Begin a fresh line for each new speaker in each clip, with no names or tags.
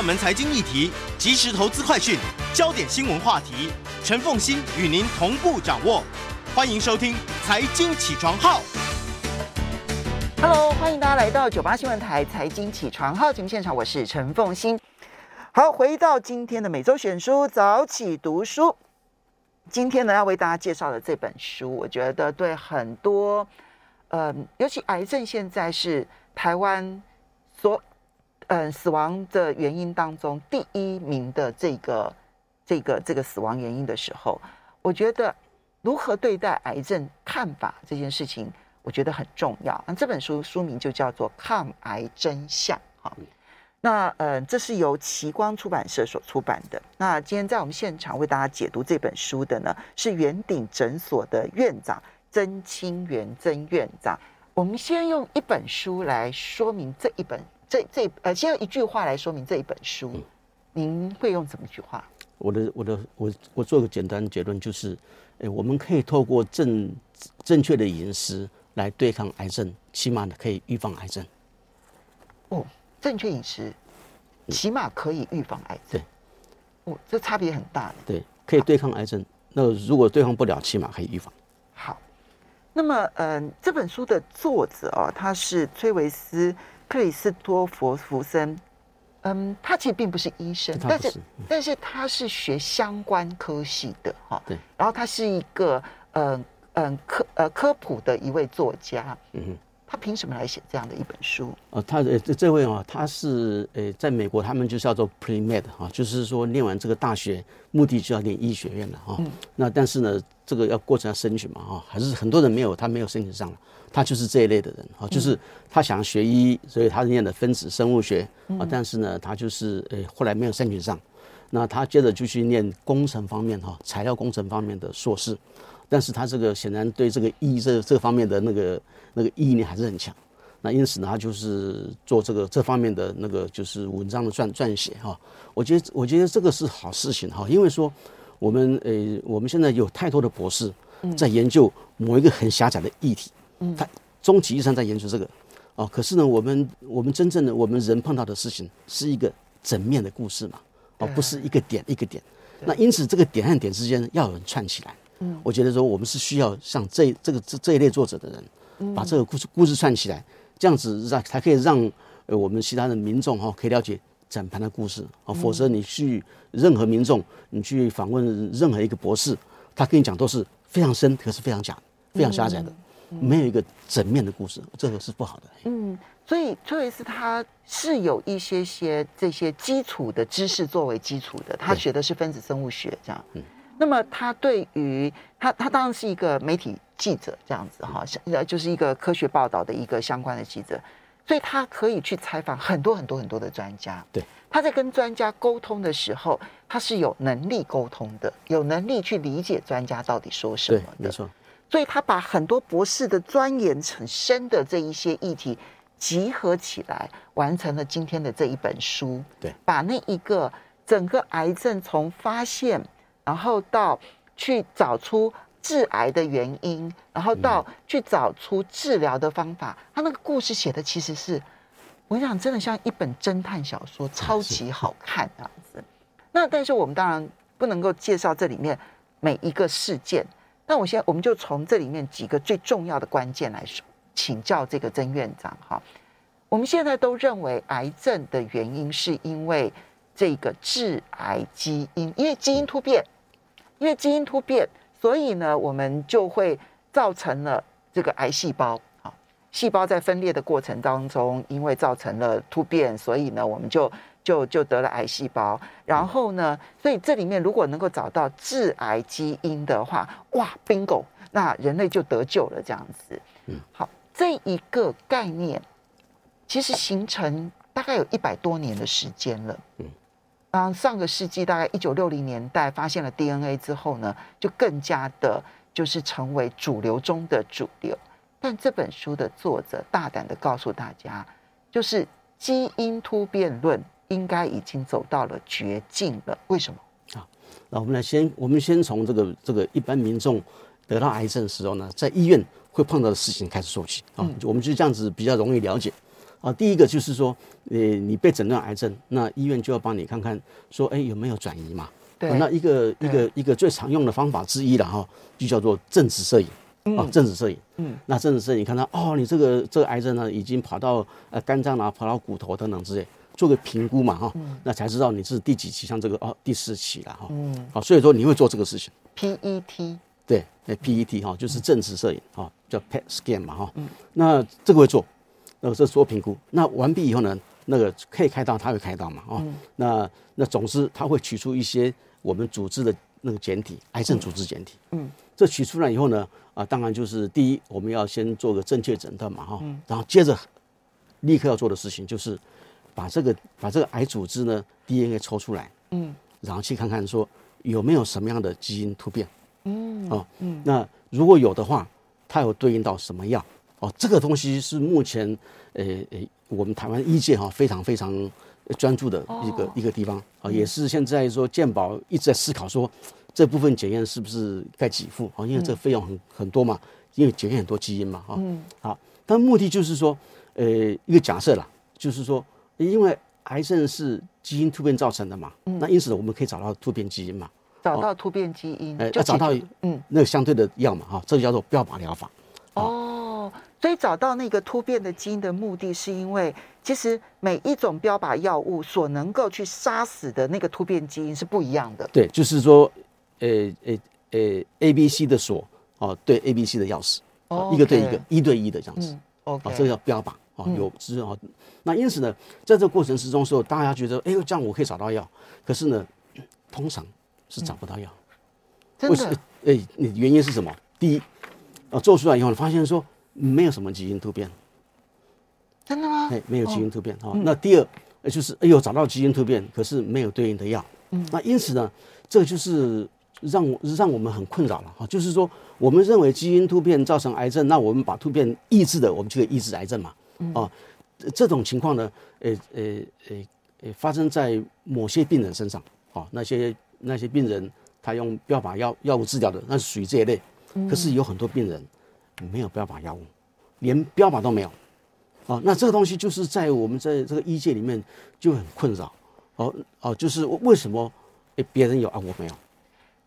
熱門財經議題、即時投資快訊、焦點新聞話題，陳鳳馨與您同步掌握。歡迎收聽《財經起床號》。
Hello，歡迎大家來到九八新聞台《財經起床號》節目現場，我是陳鳳馨。好，回到今天的每周選書早起讀書，今天呢要為大家介紹的這本書，我覺得對很多，嗯、呃，尤其癌症現在是台灣所。嗯，死亡的原因當中第一名的這個、這個、這個死亡原因的時候，我覺得如何對待癌症看法這件事情，我覺得很重要。那這本書書名就叫做《抗癌真相》，好，那嗯，這是由奇光出版社所出版的。那今天在我們現場為大家解讀這本書的呢，是元鼎診所的院長曾嶔元曾院長。我們先用一本書來說明這一本。這這呃，先用一句話來說明這一本書，嗯、您會用什麼句話？
我的我的我我做個簡單的結論，就是，哎，我們可以透過正正確的飲食來對抗癌症，起碼可以預防癌症。
哦，正確飲食，
起碼可以預防癌症。嗯、對，哦，這差別很大。對，可以對抗癌症，好那如果對抗不了，起碼可以預防。好，
那麼嗯、呃，這本書的作者哦，他是崔維斯。克里斯托弗·弗森，嗯，他其實並不是醫生，但是、嗯、但是他是學相關科系的哈，對，然後他是一個嗯嗯、呃呃、科呃科普的一位作家，嗯，嗯哼。他憑什麼來寫這樣的一本書？
呃、哦，他呃、欸、這這位啊、哦，他是呃、欸、在美國，他們就是叫做 pre-med 哈、哦，就是說念完這個大學，目的就要念醫學院了哈。哦嗯、那但是呢，這個要過程要申請嘛哈、哦，還是很多人沒有他沒有申請上他就是這一類的人哈、哦，就是他想學醫，嗯、所以他念的分子生物學啊、哦，但是呢，他就是呃、欸、後來沒有申請上。那他接着就去念工程方面哈、哦，材料工程方面的碩士。但是他這個顯然對這個意義這這方面的那個那個意義力還是很強。那因此呢，他就是做這個這方面的那個就是文章的撰撰寫哈。我覺得我覺得這個是好事情哈、啊，因為說我們呃我們現在有太多的博士在研究某一個很狹窄的議題，他終其一生在研究這個啊。可是呢，我們我們真正的我們人碰到的事情是一個整面的故事嘛、啊，而不是一個點一個點。那因此，這個點和點之間呢，要有人串起來。嗯，我覺得說我們是需要像這這個這這一類作者的人，把這個故事故事串起來，嗯、這樣子讓才可以讓呃我們其他的民眾哈可以了解整盤的故事啊，否則你去任何民眾，你去訪問任何一個博士，他跟你講都是非常深，可是非常假，嗯、非常狹窄的，嗯嗯，沒有一個整
面的故事，這個是不好的。嗯，所以特別是他是有一些些這些基礎的知識作為基礎的，他學的是分子生物學這樣。嗯。那麼他對於他他當然是一個媒體記者這樣子哈，像就是一個科學報道的一個相關的記者，所以他可以去採訪很多很多很多的專家。對，他在跟專家溝通的時候，他是有能力溝通的，有能力去理解專家到底說什麼。沒錯。所以他把很多博士的鑽研很深的這一些議題集合起來，完成了今天的這一本書。對，把那一個整個癌症從發現。然後到去找出致癌的原因，然後到去找出治療的方法。嗯、他那個故事寫的其實是，我想真的像一本偵探小說，超級好看。那但是我們當然不能夠介紹這裡面每一個事件。那我現在我們就從這裡面幾個最重要的關鍵來說，請教這個曾院長哈。我們現在都認為癌症的原因是因為這個致癌基因，因為基因突變。因為基因突變，所以呢，我們就會造成了這個癌細胞。細胞在分裂的過程當中，因為造成了突變，所以呢，我們就就就得了癌細胞。然後呢，所以這裡面如果能夠找到致癌基因的話，哇，bingo，那人類就得救了。這樣子，嗯，好，這一個概念其實形成大概有一百多年的時間了，嗯。啊，上個世紀大概一九六零年代發現了 DNA 之後呢，就更加的，就是成為主流中的主流。但這本書的作者大膽的告訴大家，就是基因突變論應該已經走到了絕境了。為什麼？啊，那我們來先，我們先從
這個這個一般民眾得到癌症的時候呢，在醫院會碰到的事情開始說起啊，嗯、我們就這樣子比較容易了解。啊，第一個就是說，欸、你被診斷癌症，那醫院就要幫你看看，說，哎、欸，有沒有轉移嘛？對、啊。那一個對一個一個最常用的方法之一了哈、喔，就叫做正子攝影，嗯、啊，正子攝影，嗯，那正子攝影你看到，哦、喔，你這個這個癌症呢，已經跑到呃、啊、肝臟啊，跑到骨頭等等之類，做個評估嘛哈，喔嗯、那才知道你是第幾期，像這個哦、喔，第四期了哈，喔、嗯，好、啊，所以說你會做這個事情，PET，對，那、欸、PET 哈、喔，就是正子攝影，啊、喔，叫 PET scan 嘛哈，喔嗯、那這個會做。那、呃、這是做評估，那完畢以後呢，那個可以開刀，他會開刀嘛？哦，嗯、那那總之他會取出一些我們組織的那個檢體，癌症組織檢體。
嗯，
這取出來以後呢，啊、呃，當然就是第一，我們要先做個正確診斷嘛，哈、哦，嗯、然後接着立刻要做的事情就是把這個把這個癌組織呢 DNA 抽出來，嗯，然後去看看說有沒有什麼樣的基因突變，嗯，啊、哦，嗯，那如果有的話，它有對應到什麼藥？哦，這個東西是目前，呃呃，我們台灣醫界哈、哦、非常非常專注的一個、哦、一個地方啊、哦，也是現在說健保一直在思考說這部分檢驗是不是該給付啊、哦，因為這個費用很、嗯、很多嘛，因為檢驗很多基因嘛，哈、哦，好、嗯哦，但目的就是說，呃，一個假設啦，就是說，因為癌症是基因突變造成的嘛，嗯、那因此我們可以找到突變基因嘛，找到
突變基因，哎、哦呃啊，找到，嗯，
那個相對的藥嘛，哈、哦，這就、個、叫做標靶療法，
哦。哦所以找到那個突變的基因的目的是因為，其實每一種標靶藥物所能夠去殺死的那個突變基因是不一樣的。
對，就是說，呃、欸、呃呃、欸欸、，A B C 的鎖哦、啊，對 A B C 的鑰匙
，Okay. 一個對一個，
一對一的這樣子，哦、嗯 okay. 啊這個叫標靶哦、啊，有知哦、嗯啊。那因此呢，在這個過程之中的時候，大家覺得，哎、欸、呦，這樣我可以找到藥，可是呢，通常是找不到藥。真的？哎、欸，原因是什麼？第一，啊，做出來以後你發現說。沒有什麼基因突變，
真的嗎？哎，沒有基因突
變。哈、哦哦，那第二，呃、就是哎呦，找到基因突變，可是沒有對應的藥。嗯，那因此呢，這就是讓讓我們很困擾了。哈、哦，就是說，我們認為基因突變造成癌症，那我們把突變抑制的，我們就可以抑制癌症嘛。啊、哦，嗯、這種情況呢，呃呃呃，呃，發生在某些病人身上。哦，那些那些病人，他用標靶藥藥物治療的，那是屬於這一類。嗯、可是有很多病人。沒有標靶藥物，連標靶都沒有，哦、啊，那這個東西就是在我們在這個醫界裡面就很困擾，哦、啊、哦、啊，就是為什麼誒別人有啊，我沒有？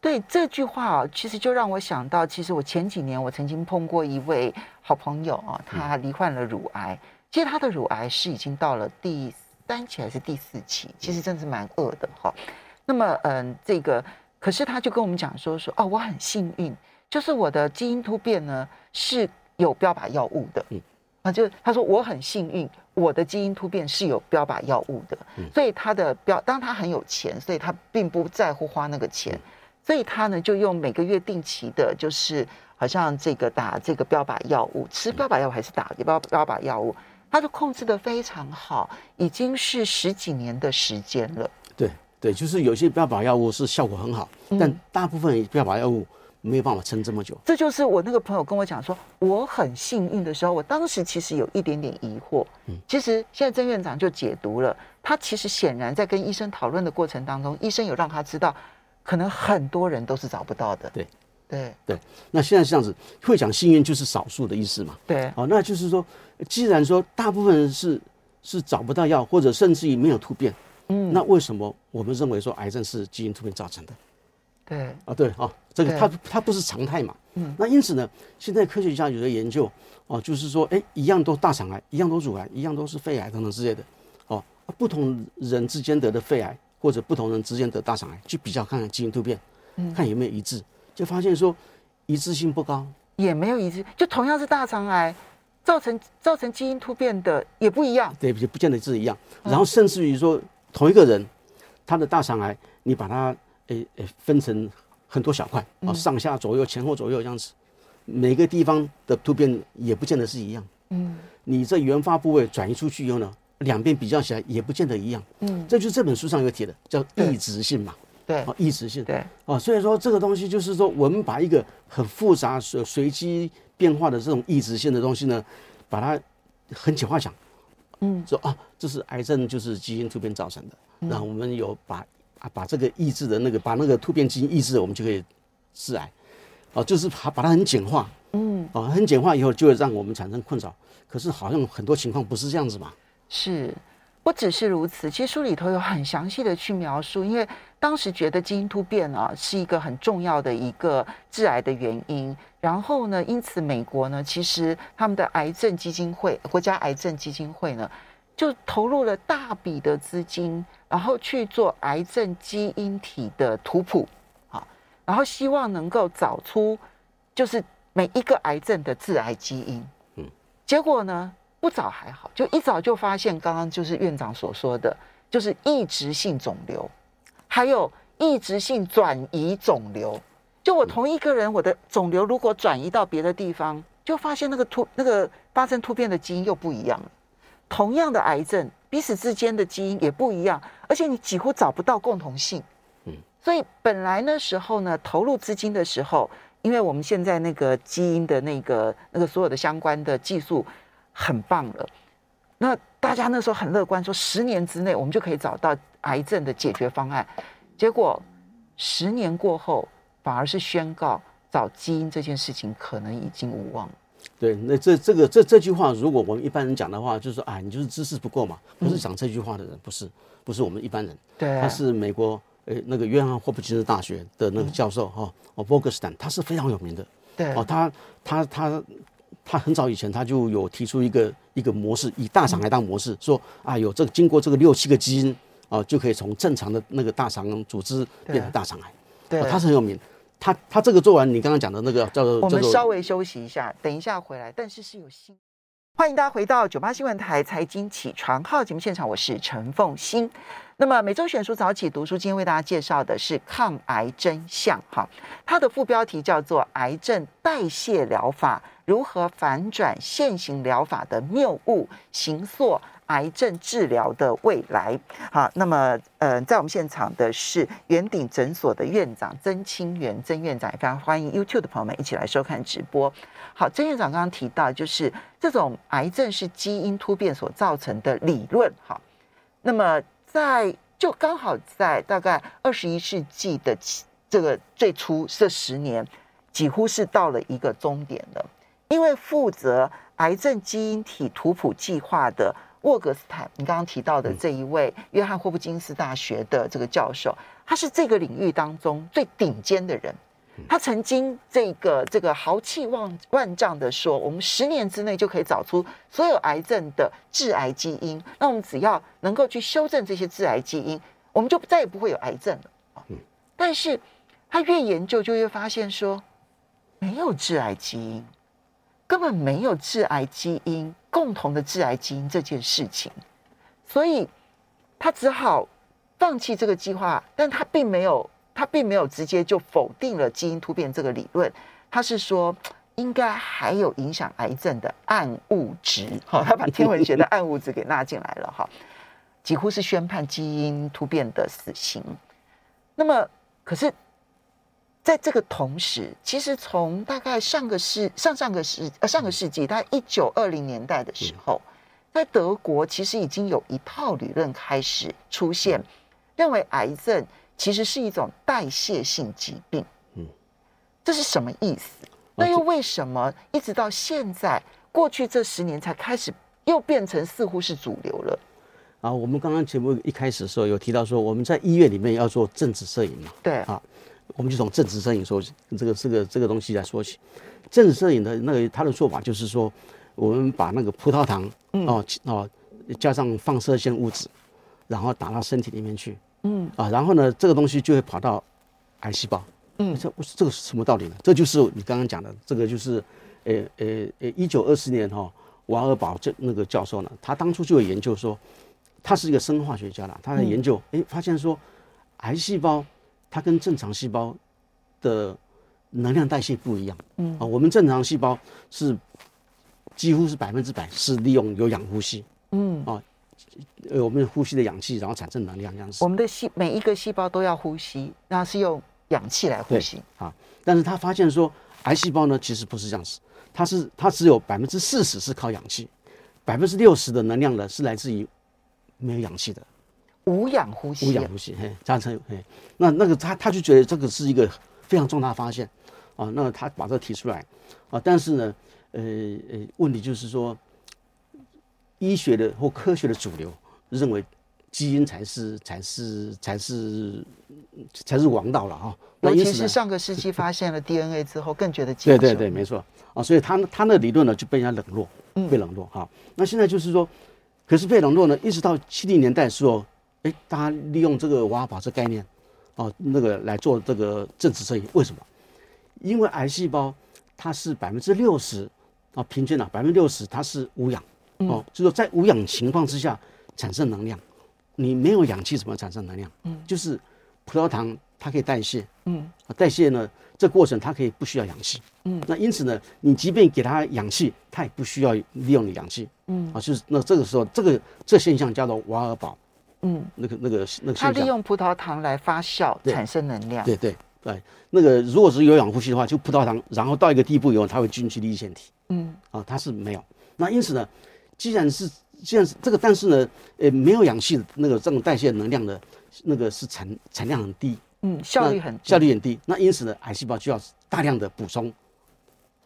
對這句話啊，其實就讓我想到，其實我前幾年我曾經碰過一位好朋友啊，他罹患了乳癌，嗯、其實他的乳癌是已經到了第三期還是第四期，其實真的是蠻惡的哈。啊嗯、那麼嗯，這個可是他就跟我們講說說哦、啊，我很幸運。就是我的基因突變呢是有標靶藥物的，嗯，他就他說我很幸運，我的基因突變是有標靶藥物的，嗯，所以他的標，當他很有錢，所以他並不在乎花那個錢，嗯，所以他呢就用每個月定期的，就是好像這個打這個標靶藥物，吃標靶藥物還是打，標標靶藥物，嗯，他就控制得非常好，已經是十幾年的時間
了。對，對，就是有些標靶藥物是效果很好，嗯，但大部分標靶
藥物。沒有辦法撐這麼久，這就是我那個朋友跟我講說我很幸運的時候，我當時其實有一點點疑惑。嗯，其實現在曾院長就解讀了，他其實顯然在跟醫生討論的過程當中，醫生有讓他知道，可能很多人都是找不到的。對，
對，對。那現在是這樣子，會講幸運就是少數的意思嘛？對。哦，那就是說，既然說大部分人是是找不到藥，或者甚至於沒有突變，嗯，那為什麼我們認為說癌症是基因突變造成的？對啊，對啊，這個它對它不是常態嘛。嗯，那因此呢，現在科學家有的研究啊，就是說，哎、欸，一樣都大腸癌，一樣都乳癌，一樣都是肺癌等等之類的。哦、啊啊，不同人之間得的肺癌，或者不同人之間得大腸癌，去比較看看基因突變，嗯，看有沒有一致，
就發現說一致性不高，也沒有一致，就同樣是大腸癌造成造成基因突變的也不一樣，
對，就不見得是一,一樣。然後甚至於說，同一個人他的大腸癌，你把他。誒誒、欸欸，分成很多小塊啊，上下左右、前後左右這樣子，每個地方的突變也不見得是一樣。嗯，你這原發部位轉移出去以後呢，兩邊比較起來也不見得一樣。嗯，這就是這本書上有提的，叫異質性嘛。對，啊，異質性對。對，啊，所以說這個東西就是說，我們把一個很複雜、隨隨機變化的這種異質性的東西呢，把它很簡化講。嗯，說啊，這是癌症就是基因突變造成的。那、嗯、我們有把。啊，把這個抑制的那個，把那個突變基因抑制，我們就可以致癌。哦、啊，就是把把它很簡化，嗯，哦，很簡化以後就會讓我們產生困擾。
可是好像很多情況不是這樣子嘛？是，不只是如此。其實書裡頭有很詳細的去描述，因為當時覺得基因突變啊是一個很重要的一個致癌的原因。然後呢，因此美國呢，其實他們的癌症基金會，國家癌症基金會呢，就投入了大筆的資金，然後去做癌症基因體的圖譜，好，然後希望能夠找出就是每一個癌症的致癌基因。嗯，結果呢，不找還好，就一早就發現，剛剛就是院長所說的就是異質性腫瘤，還有異質性轉移腫瘤。就我同一個人，我的腫瘤如果轉移到別的地方，就發現那個突那個發生突變的基因又不一樣了。同樣的癌症，彼此之間的基因也不一樣，而且你幾乎找不到共同性。嗯，所以本來那時候呢，投入資金的時候，因為我們現在那個基因的那個那個所有的相關的技術很棒了，那大家那時候很樂觀，說十年之內我們就可以找到癌症的解決方案。結果十年過後，反而是宣告找基因這件事情可能已經無望了。
對，那這這個這這句話，如果我們一般人講的話，就是說啊，你就是知識不夠嘛。不是講這句話的人，嗯、不是，不是我們一般人。對，他是美國呃，那個約翰霍普金斯大學的那個教授哈，嗯、哦，博格斯坦，他是非常有名的。對，哦，他他他他很早以前他就有提出一個一個模式，以大腸癌當模式，嗯、說啊有這經過這個六七個基因啊、呃，就可以從正常的那個大腸組織變成大腸癌。對、哦、他是很有名。他他
這個做完，你剛剛講的那個叫做，我們稍微休息一下，等一下回來。但是是有新，歡迎大家回到九八新聞台財經起床號節目現場，我是陳鳳馨。那麼每週選書早起讀書，今天為大家介紹的是抗癌真相哈，它的副標題叫做《癌症代謝療法：如何反轉現行療法的謬誤》形，形塑。癌症治療的未來，好，那麼，呃，在我們現場的是元鼎診所的院長曾嶔元，曾院長也非常歡迎 YouTube 的朋友們一起來收看直播。好，曾院長剛剛提到，就是這種癌症是基因突變所造成的理論。哈，那麼在就剛好在大概二十一世紀的這個最初這十年，幾乎是到了一個終點了，因為負責癌症基因體圖譜計劃的。沃格斯坦，你剛剛提到的這一位約翰霍普金斯大學的這個教授，他是這個領域當中最頂尖的人。他曾經這個這個豪氣萬萬丈的說，我們十年之內就可以找出所有癌症的致癌基因。那我們只要能夠去修正這些致癌基因，我們就再也不會有癌症了。但是他越研究就越發現說，沒有致癌基因。根本沒有致癌基因，共同的致癌基因這件事情，所以他只好放棄這個計劃。但他並沒有，他並沒有直接就否定了基因突變這個理論。他是說，應該還有影響癌症的暗物質，嗯。好，他把天文學的暗物質給納進來了。哈， 幾乎是宣判基因突變的死刑。那麼，可是。在這個同時，其實從大概上個世、上上個世、上個世紀，大概一九二零年代的時候，嗯、在德國其實已經有一套理論開始出現，嗯、認為癌症其實是一種代謝性疾病。嗯，這是什麼意思？那又為什麼一直到現在，啊、過去這十年才開始又變成似乎是主流了？然後、啊、我們剛剛節目一開始的時候
有提到說，我們在醫院裡面要做正子攝影嘛？對啊。嗯我們就從正子攝影說起，這個這個這個東西來說起。正子攝影的那個他的做法就是說，我們把那個葡萄糖，哦、嗯、哦，加上放射性物質，然後打到身體裡面去。嗯啊，然後呢，這個東西就會跑到癌細胞。嗯，啊、這這個是什麼道理呢？這就是你剛剛講的，這個就是，呃呃呃，一九二四年哈、哦，瓦爾堡那個教授呢，他當初就有研究說，他是一個生化學家啦，他在研究哎、嗯、發現說，癌細胞。它跟正常細胞的能量代謝不一樣。嗯啊，我們正常細胞是幾乎是百分之
百是利用有氧呼吸。
嗯啊，
我們呼吸的氧氣，然後產生能量，這樣子。我們的細，每一個細胞都要呼吸，那是用氧氣來呼吸。啊，
但是他發現說，癌細胞呢，其實不是這樣子，它是它只有百分之四十是靠氧氣，百分之六十的能量呢是來自於沒有氧氣的，
無氧呼吸，無氧呼吸，
嘿，造成，嘿，那那個他他就覺得這個是一個非常重大的發現，啊，那他把這個提出來，啊，但是呢，呃、欸、呃、欸，問題就是說，醫學的或科學的主流認為基因才是才是才是才是王道了哈、啊。那其實上
個世紀發現了 DNA 之後， 更覺得基因。對對對，沒錯
啊，所以他他那理論呢就被人家冷落，嗯、被冷落哈、啊。那現在就是說，可是被冷落呢，一直到七零年代的時候。哎，大家利用這個瓦爾堡這個概念，哦，那個來做這個正子攝影，為什麼？因為癌細胞它是百分之六十啊，平均呢百分之六十它是無氧哦，嗯、就是在無氧情況之下產生能量。你沒有氧氣怎麼產生能量？嗯，就是葡萄糖它可以代謝，嗯、啊，代謝呢這過程它可以不需要氧氣，嗯，那因此呢，你即便給它氧氣，它也不需要利用你氧氣，
嗯，啊，
就是那這個時候這個這現象叫做瓦爾堡。嗯，那個那個那個，它利用
葡萄糖來發酵產生能量。對
對對，對，那個如果是有氧呼吸的話，就葡萄糖，然後到一個地步以後，它會進去粒線體。嗯，啊，它是沒有。那因此呢，既然是既然是這個，但是呢，呃，沒有氧氣，那個這種代謝能量的那個是產產量很低，嗯，效率很效率很低。嗯、那因此呢，癌細胞就要大量的補充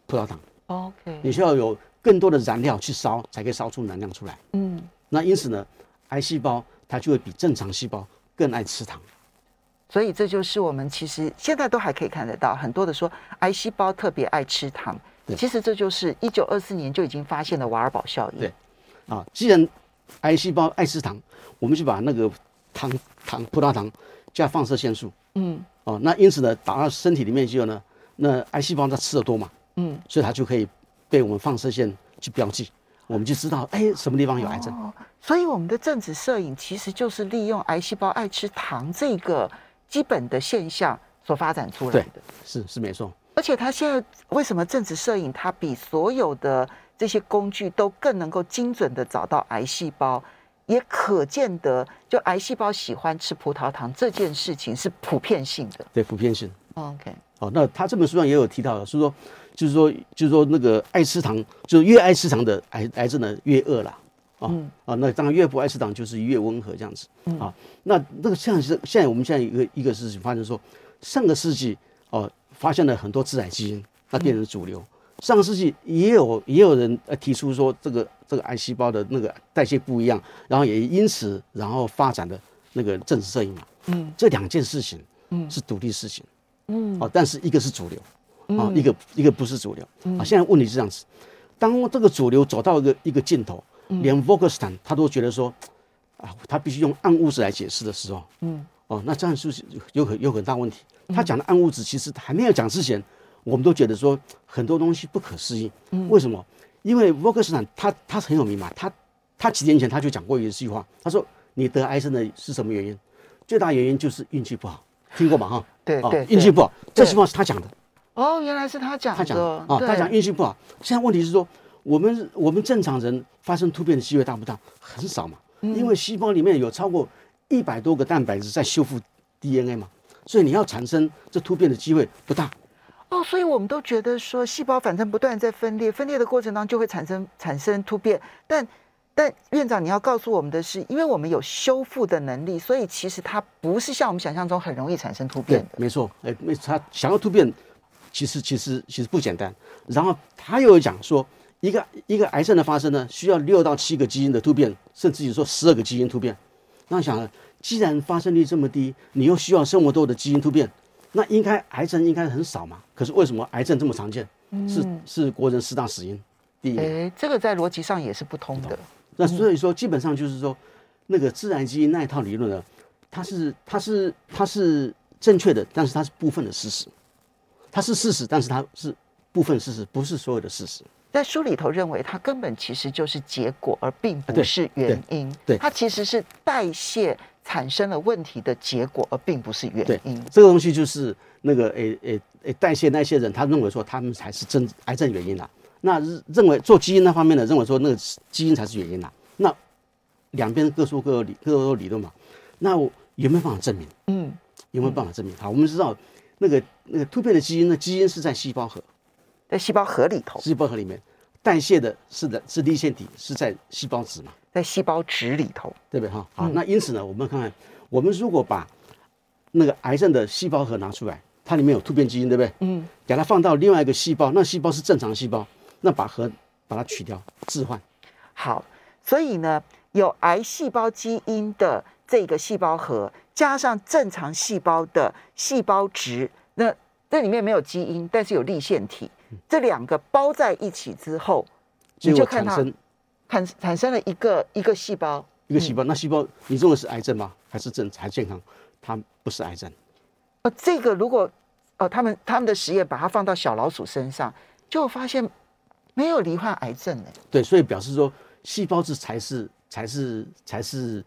葡萄糖。哦、OK，你需要有更多的燃料去燒，才可以燒出能量出來。嗯，那因此呢，癌細胞。它就會比正常細胞
更愛吃糖，所以這就是我們其實現在都還可以看得到很多的說癌細胞特別愛吃糖。對其實這就是一九二四年就已經發現的瓦爾堡效應。對，啊，既然癌細胞愛吃糖，我們就把那個糖
糖葡萄糖加放射線素。嗯，哦、啊，那因此呢，打到身體裡面去了呢，那癌細胞它吃的多嘛？嗯，所以它就可以被我們放射線去標記。我們就知道，哎、欸，什麼地方有癌症？哦、
所以我們的正子攝影其實就是利用癌細胞愛吃糖這個基本的現象所發展出來
的。對，是，是沒錯。
而且它現在為什麼正子攝影它比所有的這些工具都更能夠精準地找到癌細胞，也可見得就癌細胞喜歡吃葡萄糖這件事情是普遍性的。
對，普遍性。OK。哦，那他這本書上也有提到的，是說，就是說，就是說，那個愛吃糖，就是越愛吃糖的癌癌症呢越惡了，啊、嗯、啊，那當然越不愛吃糖就是越溫和這樣子，嗯、啊，那那個像是現在我們現在一個一個事情發生說，上個世紀哦、呃、發現了很多致癌基因，它變成主流。嗯、上個世紀也有也有人提出說，這個，這個這個癌細胞的那個代謝不一樣，然後也因此然後發展的那個正子攝影嘛，嗯，這兩件事情，嗯，是獨立事情。嗯嗯嗯、哦，但是一個是主流，啊、哦，嗯、一個一個不是主流，啊、哦，現在問題是這樣子，當這個主流走到一個一個盡頭，連沃克斯坦他都覺得說，啊，他必須用暗物質來解釋的時候，嗯，哦，那這樣是不是有很有很大問題？他講的暗物質其實還沒有講之前，我們都覺得說很多東西不可思議。為什麼？因為沃克斯坦他他很有名嘛，他他幾年前他就講過一句話，他說你得癌症的是什麼原因？最大原因就是運氣不好。聽過吧，哈？對，啊，哦、運氣不好，對這細胞是他講的。
哦，原來是他講的。他講的，啊對、哦，他講運
氣不好。現在問題是說，我們我們正常人發生突變的機會大不大？很少嘛，因為細胞裡面有超過一百多個蛋白質在修復 DNA 嘛，所以你要產生這突變的機會不大。
哦，所以我們都覺得說，細胞反正不斷在分裂，分裂的過程當中就會產生產生突變，但。但院長，你要告訴我們的是，因為我們有修復的能力，所以其實它不是像我們想象中很容易產生突變的。
沒錯。哎、欸，沒錯。想要突變，其實其實其實不簡單。然後他又講說，一個一個癌症的發生呢，需要六到七個基因的突變，甚至於說十二個基因突變。那想，既然發生率這麼低，你又需要這麼多的基因突變，那應該癌症應該很少嘛，可是為什麼癌症這麼常見？嗯、是是國人十大死因第一、欸。這個在邏輯上也是不通的。那所以說，基本上就是說，那個自然基因那一套理論呢，它是它是它是正確的，但是它是部分的事實，它是事
實，但是它是部分事實，不是所有的事實。在書裡頭認為，它根本其實就是結果，而並不是原因。對，對對，它其實是代謝產生了問題的結果，而並不是原因。這個東西就是那個誒誒誒，誒，代謝那
些人，他認為說他們才是真癌症原因啦、啊。那認為做基因那方面的認為說那個基因才是原因的、啊，那兩邊各說各理，各有理論嘛，那我有沒有辦法證明？嗯，有沒有辦法證明？好，我們知道那個那個突變的基因，那基因是在細胞核，在細胞核裡頭，細胞核裡面代謝的是的是粒線體是在細胞質嘛，在細胞質裡頭，對不對？哈，好，那因此呢，我們看看，我們如果把那個癌症的細胞核拿出來，它裡面有突變基因，對不對？嗯，給它放到另外一個細胞，那細胞是正常細胞。那把核把它取掉，置換，
好，所以呢，有癌細胞基因的這個細胞核，加上正常細胞的細胞質，那這裡面沒有基因，但是有粒線體，嗯、這兩個包在一起之後，你就產生產產生了一個一個細胞，一個細胞。胞嗯、那細胞，你認為是癌症嗎？還是正還健康？它不是癌症。呃、這個如果哦、呃，他們他們的實驗把它放到小老鼠身上，就發現。沒有罹患癌症的、欸，對，所以表示說
細胞質才是才是才是才是，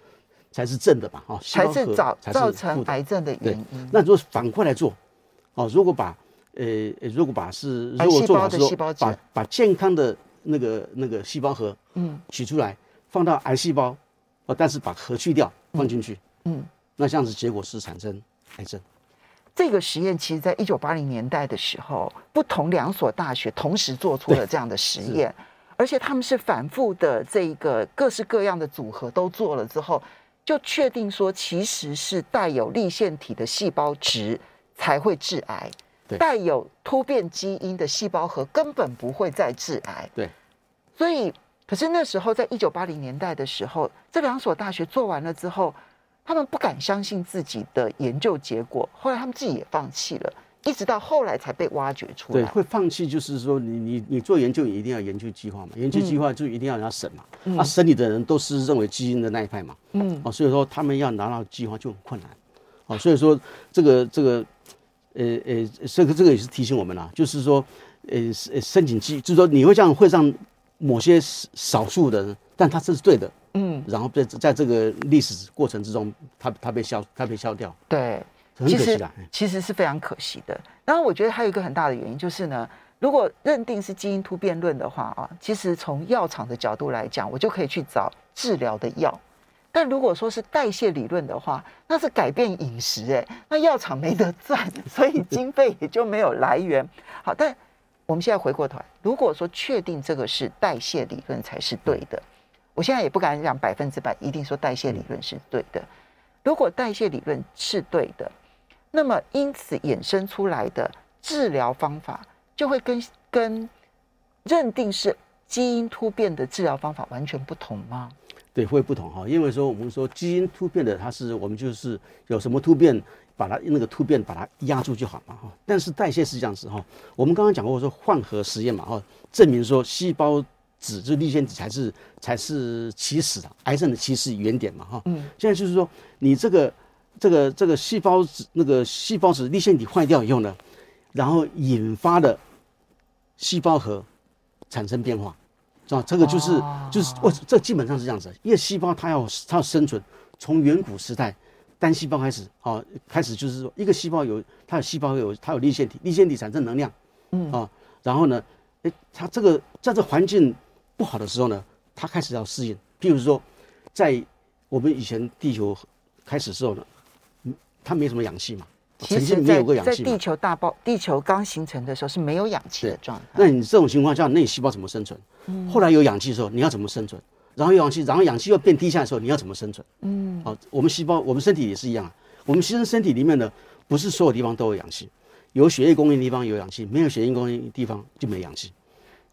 才是正的吧，哈、哦，才是造造成癌症的原因。那如果反過來做，哦，如果把呃如果把是如果做好把把把健康的那個那個細胞核嗯，取出來、嗯、放到癌細胞，哦，但是把核去掉放進去嗯，
嗯那這樣子
結果是產生癌症。
這個實驗其實，在一九八零年代的時候，不同兩所大學同時做出了這樣的實驗，而且他們是反覆的這一個各式各樣的組合都做了之後，就確定說，其實是帶有粒線體的細胞質才會致癌，對帶有突變基因的細胞核根本不會再致癌。對，所以，可是那時候，在一九八零年代的時候，這兩所大學做完了之後。他們不敢相信自己的研究結果，後來他們自己也放棄了，一直到後來才被挖掘出來。對，會
放棄就是說你，你你你做研究，你一定要研究計劃嘛，研究計劃就一定要拿審嘛，那審、嗯啊、理的人都是認為基因的那一派嘛，嗯，哦，所以說他們要拿到計劃就很困難，哦，所以說這個這個，呃呃，這個這個也是提醒我們啦、啊，就是說，呃申申請基，就是說你會這樣會讓某些少數的人，但他這是對的。嗯，然後在在這個歷史過程之中，它它被消，
它被消掉，對，很可惜，其實是非常可惜的。然後我覺得還有一個很大的原因就是呢，如果認定是基因突變論的話啊，其實從藥廠的角度來講，我就可以去找治療的藥；但如果說是代謝理論的話，那是改變飲食、欸，哎，那藥廠沒得賺，所以經費也就沒有來源。 好，但我們現在回過頭來，如果說確定這個是代謝理論才是對的。嗯我現在也不敢講百分之百一定說代謝理論是對的。嗯。如果代謝理論是對的，那麼因此衍生出來的治療方法就會跟跟認定是基因突變的治療方法完全不同嗎？
對，會不同哈，因為說我們說基因突變的，它是我們就是有什麼突變，把它那個突變把它壓住就好嘛哈。但是代謝是這樣子哈，我們剛剛講過說換核實驗嘛哈，證明說細胞。子就粒線體才是才是起始的癌症的起始原點嘛哈，啊嗯、現在就是說你這個這個這個細胞子那個細胞子粒線體壞掉以後呢，然後引發的細胞核產生變化，是、啊、吧？這個就是就是我這基本上是這樣子，啊、因為細胞它要它要生存，從遠古時代單細胞開始，啊，開始就是說一個細胞有它有細胞有它有粒線體，粒線體產生能量，啊嗯啊，然後呢，哎它這個在這個環境。不好的時候呢，它開始要適應。譬如說，在我們以前地球開始的時候呢，它沒什麼氧氣嘛，曾經沒有過氧氣。在地
球大爆、地球剛形成的時候是沒有氧氣的狀
態。那你這種情況下，那你細胞怎麼生存？嗯、後來有氧氣的時候，你要怎麼生存？然後氧氣，然後氧氣又變低下來的時候，你要怎麼生存？嗯，好、啊，我們細胞，我們身體也是一樣啊。我們其實身體裡面的不是所有地方都有氧氣，有血液供應地方有氧氣，沒有血液供應地方就沒氧氣。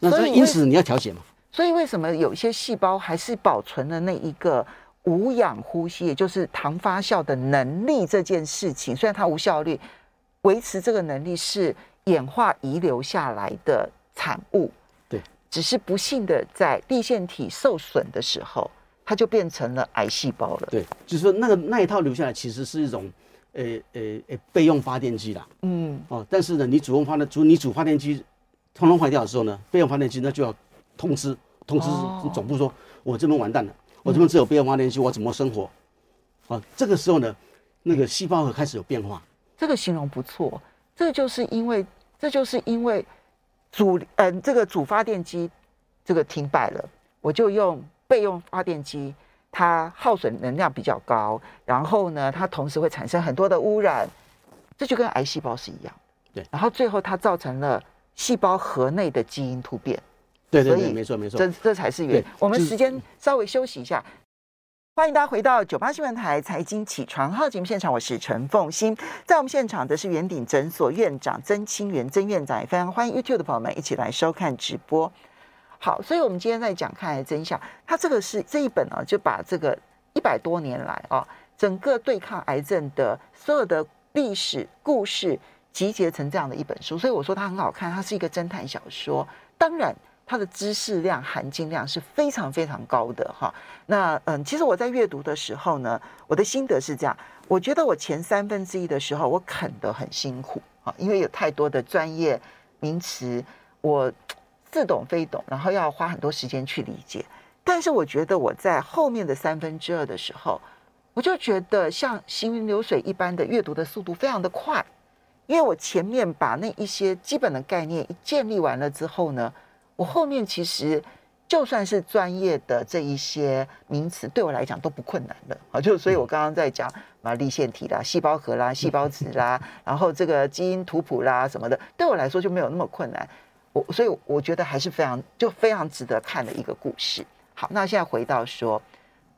那所以因此
你要調節嘛。
所以為什麼有一些細胞還是保存了那一個無氧呼吸，也就是糖發酵的能力這件事情？雖然它無效率，維持這個能力是演化遺留下來的產物。對，只是不幸的在粒線體受損的時候，它就變成了癌細胞了。對，就是說那個那一套留下來其實
是一種，呃呃呃備用發電機啦。嗯。哦，但是呢，你主用發的主你主發電機通通壞掉的時候呢，備用發電機那就要。通知通知總部說，哦、我這邊完蛋了，我這邊只有備用發電機，嗯、我怎麼生活？啊，這個時候呢，
那個細胞核開始有變化，這個形容不錯。這就是因為，這就是因為主嗯、呃，這個主發電機這個停擺了，我就用備用發電機，它耗損能量比較高，然後呢，它同時會產生很多的污染，這就跟癌細胞是一樣。對，然後最後它造成了細胞核內的基因突變。對，對，對，所以沒錯沒錯，這這才是原因。對 我們時間稍微休息一下，歡迎大家回到九八新聞台財經起床號節目現場，我是陳鳳馨，在我們現場的是元鼎診所院長曾嶔元曾院長，也非常歡迎 YouTube 的朋友們一起來收看直播。好，所以我們今天在講抗癌真相，他這個是這一本呢、啊，就把這個一百多年來啊，整個對抗癌症的所有的歷史故事集結成這樣的一本書，所以我說它很好看，它是一個偵探小說，當然。它的知識量、含金量是非常非常高的哈。那嗯，其實我在閱讀的時候呢，我的心得是這樣：我覺得我前三分之一的時候，我啃得很辛苦啊，因為有太多的專業名詞，我似懂非懂，然後要花很多時間去理解。但是我覺得我在後面的三分之二的時候，我就覺得像行雲流水一般的閱讀的速度非常的快，因為我前面把那一些基本的概念一建立完了之後呢。我後面其實就算是專業的這一些名詞，對我來講都不困難的啊。就所以，我剛剛在講啊，粒線體啦、細胞核啦、細胞質啦，然後這個基因圖譜啦什麼的，對我來說就沒有那麼困難。我所以我覺得還是非常就非常值得看的一個故事。好，那現在回到說，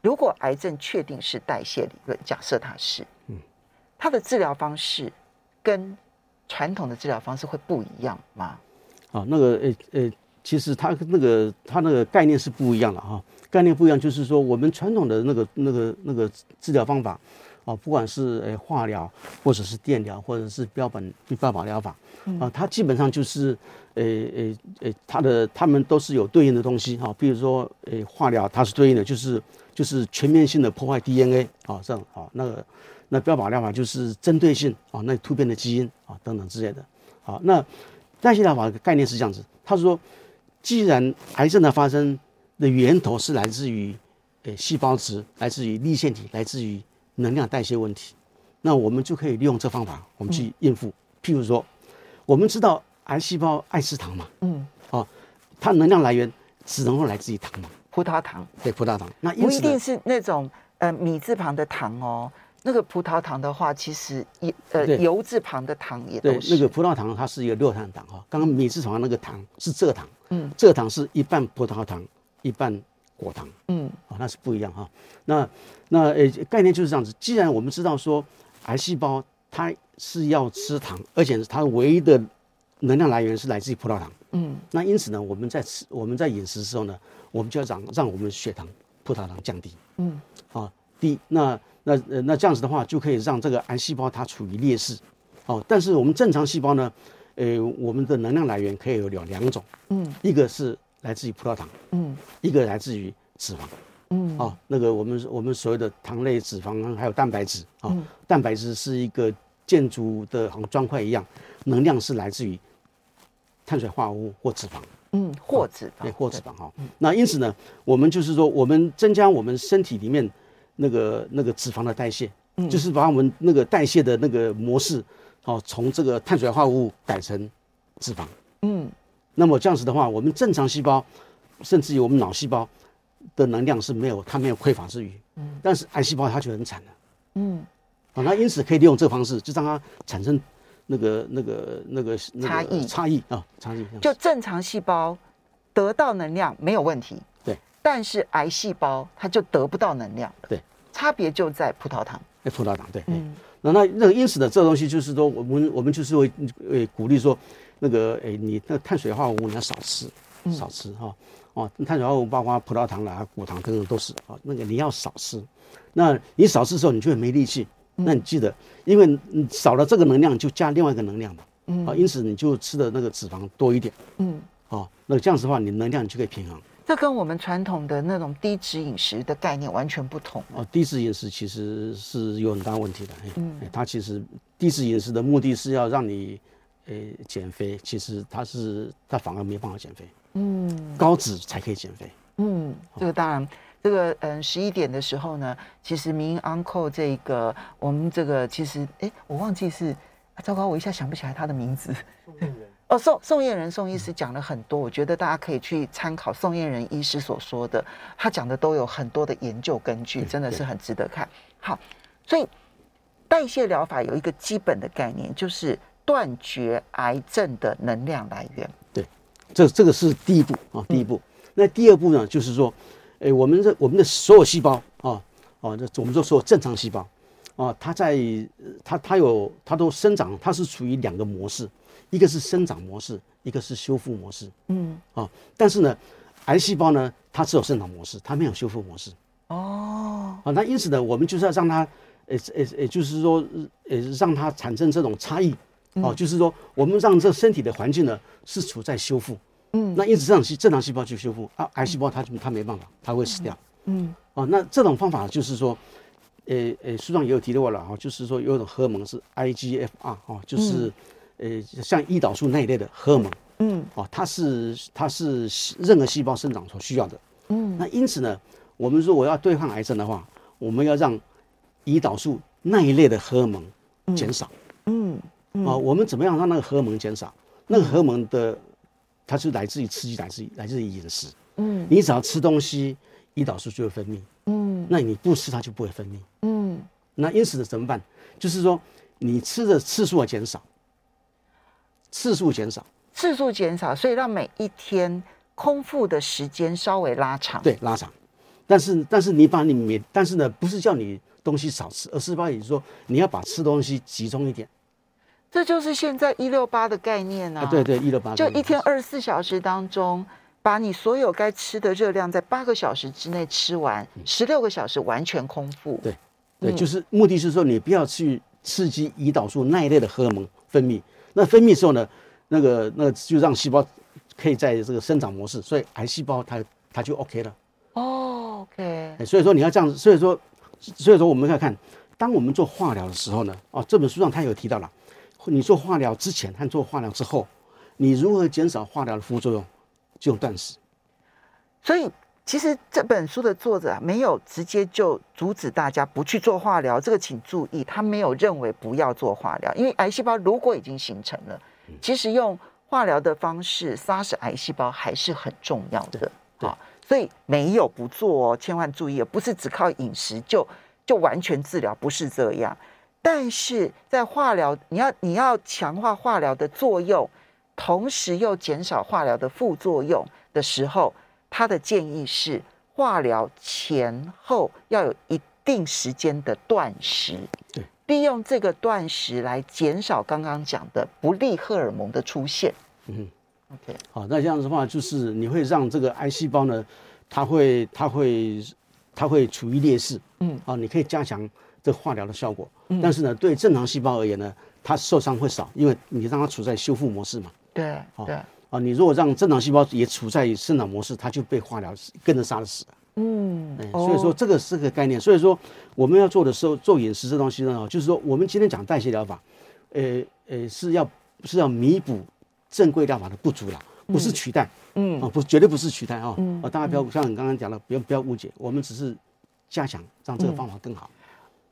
如果癌症確定是代謝理論，假設它是，嗯，它的治療方式跟傳統的治療方式會不一樣嗎？
啊，那個誒誒。欸欸其實它那個它那個概念，是不一樣的哈，概念不一樣，就是說我們傳統的那個那個那個治療方法，啊，不管是呃化療或者是電療或者是標本標靶療法，啊，它基本上就是呃呃呃，它的他們都是有對應的東西哈，比如說呃、欸、化療它是對應的就是就是全面性的破壞 DNA 啊這樣啊那個那標靶療法就是針對性啊那突變的基因啊等等之類的，好，那代謝療法的概念是這樣子，他說。既然癌症的發生，的源頭是來自於，呃，細胞質，來自於粒線體，來自於能量代謝問題，那我們就可以利用這方法，我們去應付。嗯、譬如說，我們知道癌細胞愛吃糖嘛，嗯、哦，它能量來源只能夠來自於糖嘛，葡萄糖，對，葡萄糖，
那不一定是那種呃米字旁的糖哦。那個葡萄糖的話，其實呃“對酉”字旁的糖也都是對那個
葡萄糖，它是一個六碳糖哈。剛、哦、剛米字旁那個糖是蔗糖，嗯，蔗糖是一半葡萄糖一半果糖，嗯，啊、哦，那是不一樣哈、哦。那那呃、欸、概念就是這樣子。既然我們知道說癌細胞它是要吃糖，而且它唯一的能量來源是來自於葡萄糖，嗯，那因此呢，我們在吃我們在飲食的時候呢，我們就要讓讓我們血糖葡萄糖降低，嗯，啊、哦。低那那呃那這樣子的話，就可以讓這個癌細胞它處於劣勢，哦。但是我們正常細胞呢，呃，我們的能量來源可以有兩兩種，嗯，一個是來自於葡萄糖，嗯，一個來自於脂肪，嗯，哦，那個我們我們所謂的糖類、脂肪還有蛋白質，啊、哦，嗯、蛋白質是一個建築的，好像磚塊一樣，能量是來自於碳水化合物或脂肪，嗯，
或脂肪、哦，對，或脂肪，哈，嗯、
那因此呢，我們就是說，我們增加我們身體裡面。那個那個脂肪的代謝，嗯、就是把我們那個代謝的那個模式，好、哦、從這個碳水化合物改成脂肪。嗯，那麼這樣子的話，我們正常細胞，甚至於我們腦細胞的能量是沒有它沒有匱乏之虞，嗯，但是癌細胞它就很慘了。嗯，好、哦，那因此可以利用這方式，就讓它產生那個那個那個差異差異啊差異。就
正常細胞得到能量沒有問題，對，但是癌細胞它就得不到能量，對。差別就在葡萄糖，
哎，葡萄糖對，嗯、哎，那那那因此呢，這個東西就是說，我們我們就是會鼓勵說，那個哎，你那碳水化合物你要少吃，少吃哈、哦，哦，碳水化合物包括葡萄糖啦、果糖等等都是啊、哦，那個你要少吃。那你少吃的時候，你就會沒力氣。嗯、那你記得，因為你少了這個能量，就加另外一個能量嘛，啊、哦，因此你就吃的那個脂肪多一點，
嗯，
啊、哦，那這樣子的話，你能量你就可以平衡。
這跟我們傳統的那種低脂飲食的概念完全不同
哦。低脂飲食其實是有很大問題的。嗯，它其實低脂飲食的目的是要讓你，呃，減肥。其實它是它反而沒辦法減肥。嗯，高脂才可以減肥。
嗯，嗯這個當然，這個嗯十一點的時候呢，其實明英 uncle 這個我們這個其實哎我忘記是，糟糕，我一下想不起來他的名字。哦，宋宋晏仁宋醫師講了很多，我覺得大家可以去參考宋晏仁醫師所說的，他講的都有很多的研究根據，真的是很值得看，嗯、好。所以代謝療法有一個基本的概念，就是斷絕癌症的能量來源。
對，這這個是第一步啊，第一步。嗯、那第二步呢，就是說，誒、哎，我們的我們的所有細胞啊，啊，這我們就說所有正常細胞啊，它在、呃、它它有它都生長，它是處於兩個模式。一個是生長模式，一個是修復模式。
嗯
啊，但是呢，癌細胞呢，它只有生長模式，它沒有修復模式。哦、啊，那因此呢，我們就是要讓它，呃呃呃，就是說，呃、欸，讓它產生這種差異。哦、啊，嗯、就是說，我們讓這身體的環境呢是處在修復。嗯，那因此這細正常細胞去修復啊，癌細胞它，嗯、它就它沒辦法，它會死掉。嗯，嗯啊，那這種方法就是說，呃、欸、呃、欸，書上也有提到過了，哦、啊，就是說有一種荷爾蒙是 IGFR 哦、啊，就是。嗯呃，像胰島素那一類的荷爾蒙，嗯，哦，它是它是任何細胞生長所需要的，嗯，那因此呢，我們如果要對抗癌症的話，我們要讓胰島素那一類的荷爾蒙減少，嗯，嗯，啊、嗯哦，我們怎麼樣讓那個荷爾蒙減少？那個荷爾蒙的，它是來自於刺激，來自於來自於飲食，嗯，你只要吃東西，胰島素就會分泌，嗯，那你不吃它就不會分泌，嗯，那因此呢，怎麼辦？就是說你吃的次數要減少。次數減少，次
數減少，所以讓每一天空腹的時間稍微拉長。對，拉長。但是，但是你把你每，但是呢，不是叫你東西少吃，而是幫你說你要
把吃東西集中一點。
這就是現在一六八的概念啊。啊對，對對，
一六八。就一天
二十四小時當中，把你所有該吃的熱量在八個小時之內吃完，十六個小時完全空腹。嗯，對對，就是目的是說你不要去
刺激胰島素那一類的荷爾蒙分泌。那分泌之後呢，那個那就讓細胞可以在這個生長模式，所以癌細胞它它就 OK 了。哦
，OK。
所以說你要這樣子，所以說所以說我們要看，當我們做化療的時候呢，哦，這本書上他有提到了，你做化療之前和做化療之後，你如
何減少化療的副作用，就斷食。所以。其實這本書的作者沒有直接就阻止大家不去做化療，這個請注意，他沒有認為不要做化療，因為癌細胞如果已經形成了，其實用化療的方式殺死癌細胞還是很重要的。好，所以沒有不做哦，千萬注意，不是只靠飲食就就完全治療，不是這樣。但是在化療，你要你要強化化療的作用，同時又減少化療的副作用的時候。他的建議是，化療前後要有一定時間的斷食，對，利用這個斷食來減少剛剛講的不利荷爾蒙的出現。嗯
，OK，好，那這樣子的話，就是你會讓這個癌細胞呢，它會它會它會它會處於劣勢。嗯，啊，你可以加強這化療的效果。嗯，但是呢，對正常細胞而言呢，它受傷會少，因為你讓它處在修復模式嘛。對啊，哦。
對啊。
啊，你如果讓正常細胞也處在於生長模式，它就被化療跟着殺死。嗯、欸，
所以說
這個是個概念。所以說我們要做的時候做飲食這東西呢，就是說我們今天講代謝療法，呃呃，是要是要彌補正規療法的不足了，不是取代。嗯，哦、啊，不，絕對不是取代啊。哦、嗯，啊，大家不要像你剛剛講的，不要不要誤
解，我們只是加強讓這個方法更好。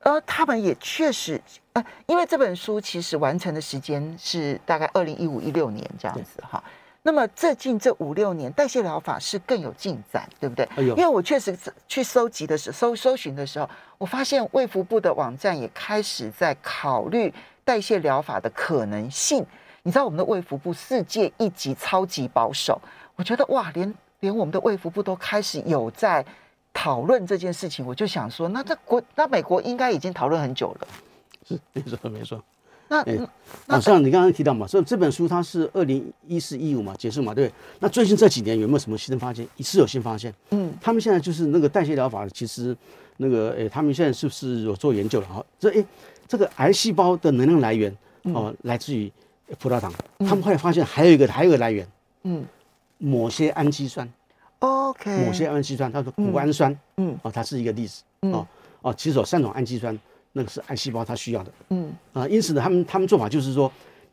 嗯、呃，他們也確實，呃，因為這本書其實完成的時間是大概二零一五一六年這樣子哈。對那麼最近這五六年，代謝療法是更有進展，對不對？哎呦，因為我確實是去蒐集的時候，搜搜尋的時候，我發現衛福部的網站也開始在考慮代謝療法的可能性。你知道我們的衛福部世界一級超級保守，我覺得哇，連連我們的衛福部都開始有在討論這件事情，我就想說，那這國那美國應該已經討論很久了。是，你說，沒錯。那哎，好、啊、像你剛剛提到嘛，所以這本書它是二零一四
一五嘛結束嘛，對，對。那最近這幾年有沒有什麼新的發現？一次有新發現，嗯，他們現在就是那個代謝療法，其實那個哎，他們現在是不是有做研究了啊？這哎，這個癌細胞的能量來源、嗯、哦，來自於葡萄糖，嗯、他們後來發現還有一個還有一個來源，嗯，某些氨基酸
，OK，某些
氨基酸，它說谷氨酸，嗯，哦，它是一個例子，嗯、哦哦，其實有三種氨基酸。那個是癌細胞它需要的，嗯啊、呃，因此呢，他們他們做法就是說，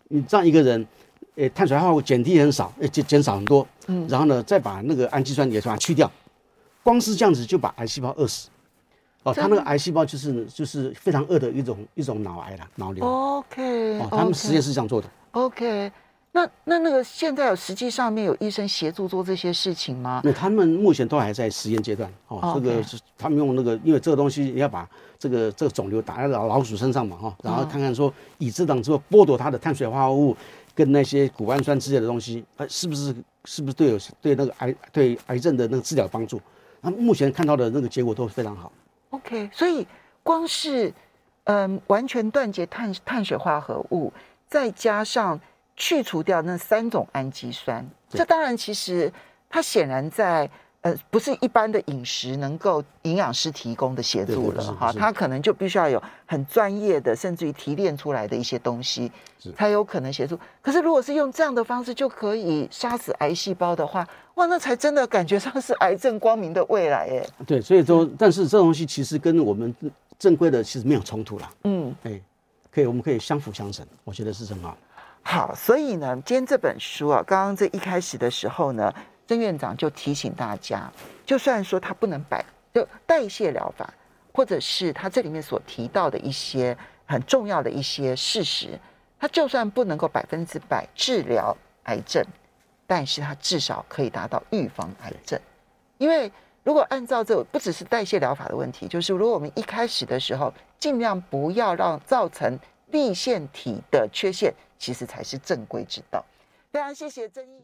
你讓一個人，誒、欸，碳水化合物減低很少，誒減減少很多，嗯，然後呢，再把那個氨基酸，也把它去掉，光是這樣子就把癌細胞餓死，
哦，他、嗯、那個癌
細胞就是就是非常餓的一種一種腦癌了，腦瘤。
OK，哦，他們實驗是這樣做的。OK, okay.。那那那個現在有，實際上面有醫生協助做這些事情嗎？那
他們目前都還在實驗階段哦。Okay. 這個是他們用那個，因為這個東西也要把這個這個腫瘤打在老老鼠身上嘛哈、哦，然後看看說，以這種之後剝奪它的碳水化合物跟那些穀氨酸之類的東西，呃，是不是是不是對有對那個癌對癌症的那個治療幫助？那目前看
到的那個結果都非常好。OK，所以光是嗯、呃，完全斷絕碳碳水化合物，再加上。去除掉那三種氨基酸，對這當然其實它顯然在呃不是一般的飲食能夠營養師提供的協助了哈，它可能就必須要有很專業的甚至於提煉出來的一些東西，是才有可能協助。可是如果是用這樣的方式就可以殺死癌細胞的話，哇，那才真的感覺上是癌症光明的未來耶。
對，所以說，嗯、但是這東西其實跟我們正規的其實沒有衝突了。嗯，哎，
可以，我們可以相輔相成，我覺得是什麼好，所以呢，今天這本書啊，剛剛這一開始的時候呢，曾院長就提醒大家，就算說它不能百，就代謝療法，或者是它這裡面所提到的一些很重要的一些事實，它就算不能夠百分之百治療癌症，但是它至少可以達到預防癌症。因為如果按照這個，不只是代謝療法的問題，就是如果我們一開始的時候盡量不要讓造成粒線體的缺陷。其實才是正規之道。非常謝謝曾醫。